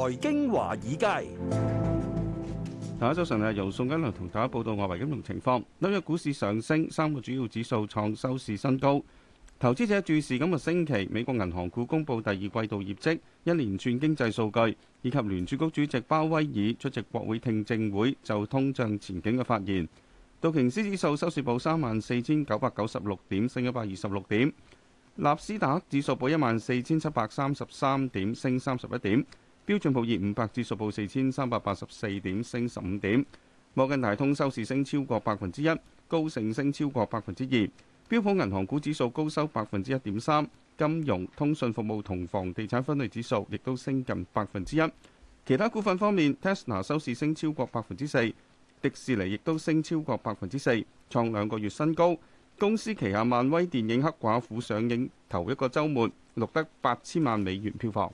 財經華爾街，大家早上好。由宋金良同大家報道外圍金融情況。紐約股市上升，三個主要指數創收市新高。投資者注視今個星期，美國銀行股公佈第二季度業績，一連串經濟數據以及聯儲局主席鮑威爾出席國會聽證會就通脹前景嘅發言。道瓊斯指數收市報三萬四千九百九十六點，升一百二十六點。納斯達克指數報一萬四千七百三十三點，升三十一點。標準普爾五百指數報四千三百八十四點，升十五點。摩根大通收市升超過百分之一，高盛升超過百分之二。標普銀行股指數高收百分之一點三，金融、通訊服務同房地產分類指數亦都升近百分之一。其他股份方面，Tesla 收市升超過百分之四，迪士尼亦都升超過百分之四，創兩個月新高。公司旗下漫威電影《黑寡婦》上映頭一個週末，錄得八千萬美元票房。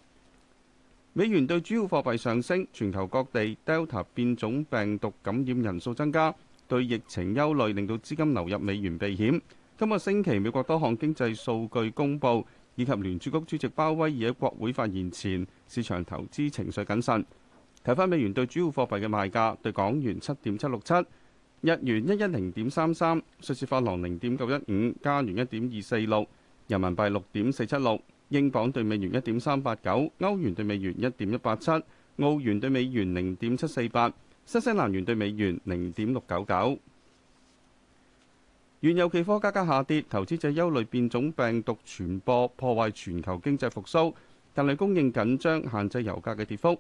美元對主要貨幣上升，全球各地 Delta 變種病毒感染人數增加，對疫情憂慮令到資金流入美元避險。今個星期，美國多項經濟數據公佈，以及聯儲局主席鮑威爾喺國會發言前，市場投資情緒謹慎。睇返美元對主要貨幣嘅賣價，對港元七點七六七，日元一一零點三三，瑞士法郎零點九一五，加元一點二四六，人民幣六點四七六。英鎊兌美元一點三八九，歐元兌美元一點一八七，澳元兌美元零點七四八，新西蘭元兌美元零點六九九。原油期貨價格下跌，投資者憂慮變種病毒傳播破壞全球經濟復蘇，但係供應緊張限制油價嘅跌幅。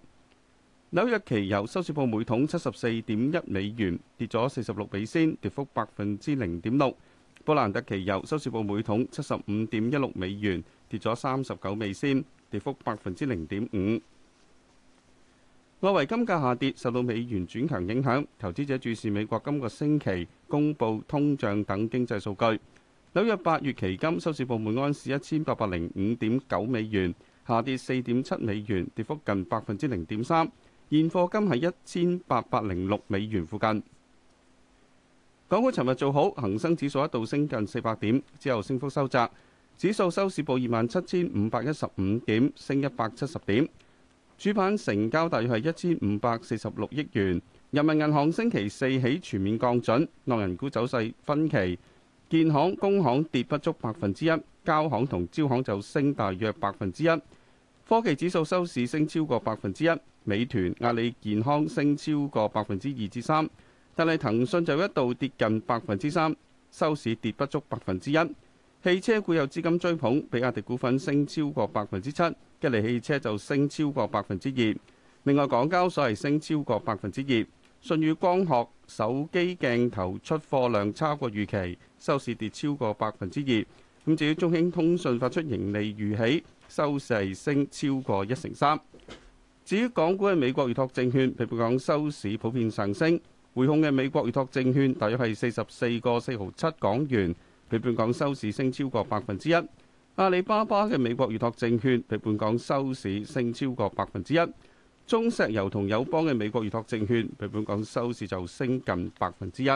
紐約期油收市報每桶七十四點一美元，跌咗四十六美仙，跌幅百分之零點六。布蘭特期油收市報每桶七十五點一六美元，跌咗三十九美仙，跌幅百分之零點五。外圍金價下跌，受到美元轉強影響，投資者注視美國今個星期公布通脹等經濟數據。紐約八月期金收市報每安士一千八百零五點九美元，下跌四點七美元，跌幅近百分之零點三。現貨金喺一千八百零六美元附近。港股尋日做好，恒生指數一度升近四百點，之後升幅收窄，指數收市報二萬七千五百一十五點，升一百七十點。主板成交大約係一千五百四十六億元。人民銀行星期四起全面降準，內銀股走勢分歧。建行、工行跌不足百分之一，交行同招行就升大約百分之一。科技指數收市升超過百分之一，美團、阿里健康升超過百分之二至三。但係，騰訊就一度跌近百分之三，收市跌不足百分之一。汽車股有資金追捧，比亞迪股份升超過百分之七，吉利汽車就升超過百分之二。另外，港交所係升超過百分之二。舜宇光學手機鏡頭出貨量超過預期，收市跌超過百分之二。咁至於中興通訊發出盈利預喜，收市係升超過一成三。至於港股嘅美國預託證券，譬如講收市普遍上升。匯控嘅美國預託證券大約係四十四個四毫七港元，比本港收市升超過百分之一。阿里巴巴嘅美國預託證券比本港收市升超過百分之一。中石油同友邦嘅美國預託證券比本港收市就升近百分之一。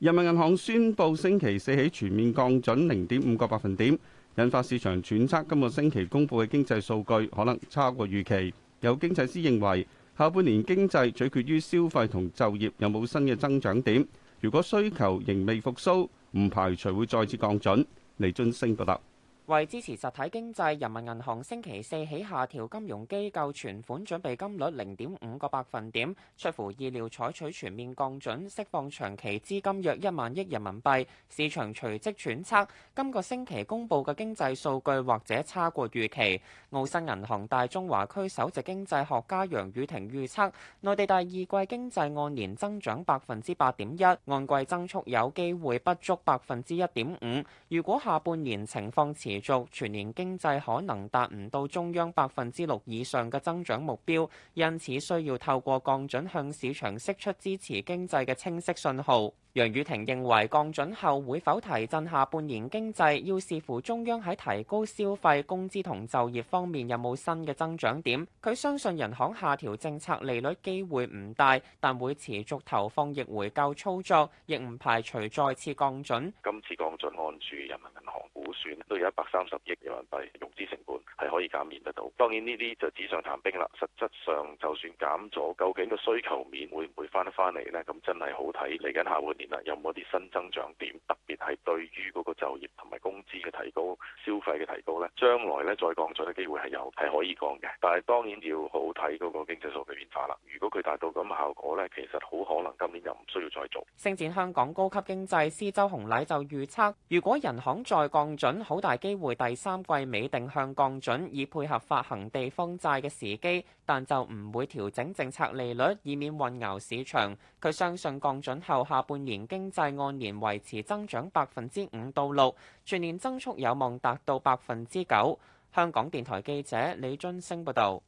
人民銀行宣佈星期四起全面降準零點五個百分點，引發市場揣測，今個星期公布嘅經濟數據可能差過預期。有經濟師認為。下半年經濟取決於消費同就業有冇新嘅增長點。如果需求仍未復甦，唔排除會再次降準。李津升報道。為支持實體經濟，人民銀行星期四起下調金融機構存款準備金率零點五個百分點，出乎意料採取全面降準，釋放長期資金約一萬億人民幣。市場隨即揣測，今個星期公佈嘅經濟數據或者差過預期。澳新銀行大中華區首席經濟學家楊宇婷預測，內地第二季經濟按年增長百分之八點一，按季增速有機會不足百分之一點五。如果下半年情況持，續全年經濟可能達唔到中央百分之六以上嘅增長目標，因此需要透過降準向市場釋出支持經濟嘅清晰信號。楊宇霆認為降準後會否提振下半年經濟要視乎中央喺提高消費、工資同就業方面有冇新嘅增長點，佢相信人行下調政策利率機會唔大，但會持續投放逆回購操作，亦唔排除再次降準，今次降準按住人民銀行估算。都有一百三十億人民幣融資成本係可以減免得到。當然呢啲就紙上談兵啦，實質上就算減咗，究竟個需求面會唔會返得返嚟呢？咁真係好睇嚟緊下半年啦，有冇啲新增長點？特別係對於嗰個就業同埋工資嘅提高、消費嘅提高呢，將來呢再降準嘅機會係有，係可以降嘅。但係當然要好睇嗰個經濟數據變化啦。如果佢達到咁嘅效果呢，其實好可能今年又唔需要再做。星展香港高級經濟師周洪禮就預測，如果人行再降準好。好大機會，第三季尾定向降準以配合發行地方債嘅時機，但就唔會調整政策利率，以免混淆市場。佢相信降準後下半年經濟按年維持增長百分之五到六，全年增速有望達到百分之九。香港電台記者李津升報道。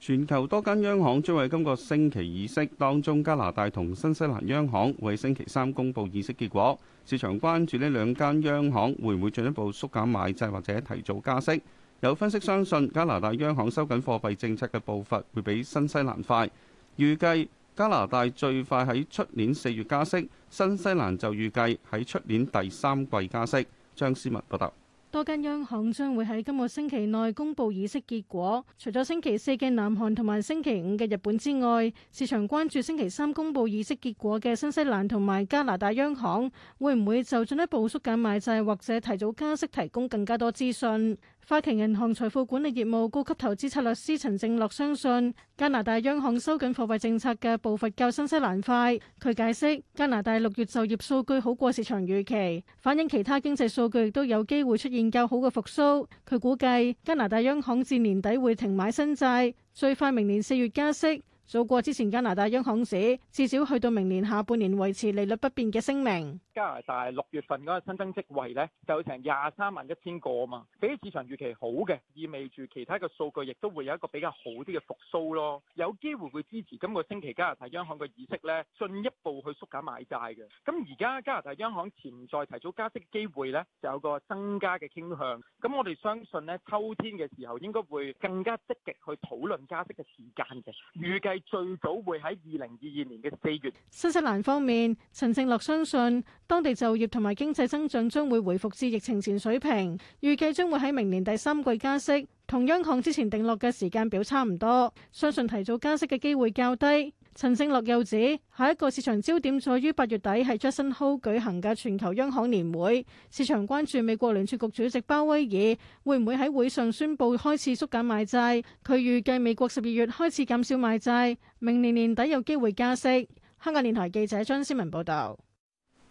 全球多間央行將會喺今個星期議息，當中加拿大同新西蘭央行會喺星期三公佈議息結果。市場關注呢兩間央行會唔會進一步縮減買債或者提早加息。有分析相信加拿大央行收緊貨幣政策嘅步伐會比新西蘭快，預計加拿大最快喺出年四月加息，新西蘭就預計喺出年第三季加息。張思文報道。多間央行將會喺今個星期內公佈議息結果，除咗星期四嘅南韓同埋星期五嘅日本之外，市場關注星期三公佈議息結果嘅新西蘭同埋加拿大央行會唔會就進一步縮減買債或者提早加息提供更加多資訊。花旗銀行財富管理業務高級投資策略師陳正樂相信加拿大央行收緊貨幣政策嘅步伐較新西蘭快。佢解釋加拿大六月就業數據好過市場預期，反映其他經濟數據亦都有機會出現較好嘅復甦。佢估計加拿大央行至年底會停買新債，最快明年四月加息。早過之前加拿大央行指至少去到明年下半年維持利率不變嘅聲明。加拿大六月份嗰個新增職位咧就成廿三萬一千個啊嘛，比起市場預期好嘅，意味住其他嘅數據亦都會有一個比較好啲嘅復甦咯，有機會會支持今個星期加拿大央行嘅意識咧進一步去縮減買債嘅。咁而家加拿大央行潛在提早加息機會咧就有個增加嘅傾向。咁我哋相信咧秋天嘅時候應該會更加積極去討論加息嘅時間嘅預計。最早會喺二零二二年嘅四月。新西蘭方面，陳正樂相信當地就業同埋經濟增長將會回復至疫情前水平，預計將會喺明年第三季加息，同央行之前定落嘅時間表差唔多。相信提早加息嘅機會較低。陳正樂又指，下一個市場焦點在於八月底係 Jackson Hole 舉行嘅全球央行年會，市場關注美國聯儲局主席鮑威爾會唔會喺會上宣布開始縮減買債。佢預計美國十二月開始減少買債，明年年底有機會加息。香港電台記者張思文報道。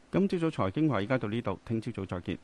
今朝早財經華爾街，而家到呢度，聽朝早再見。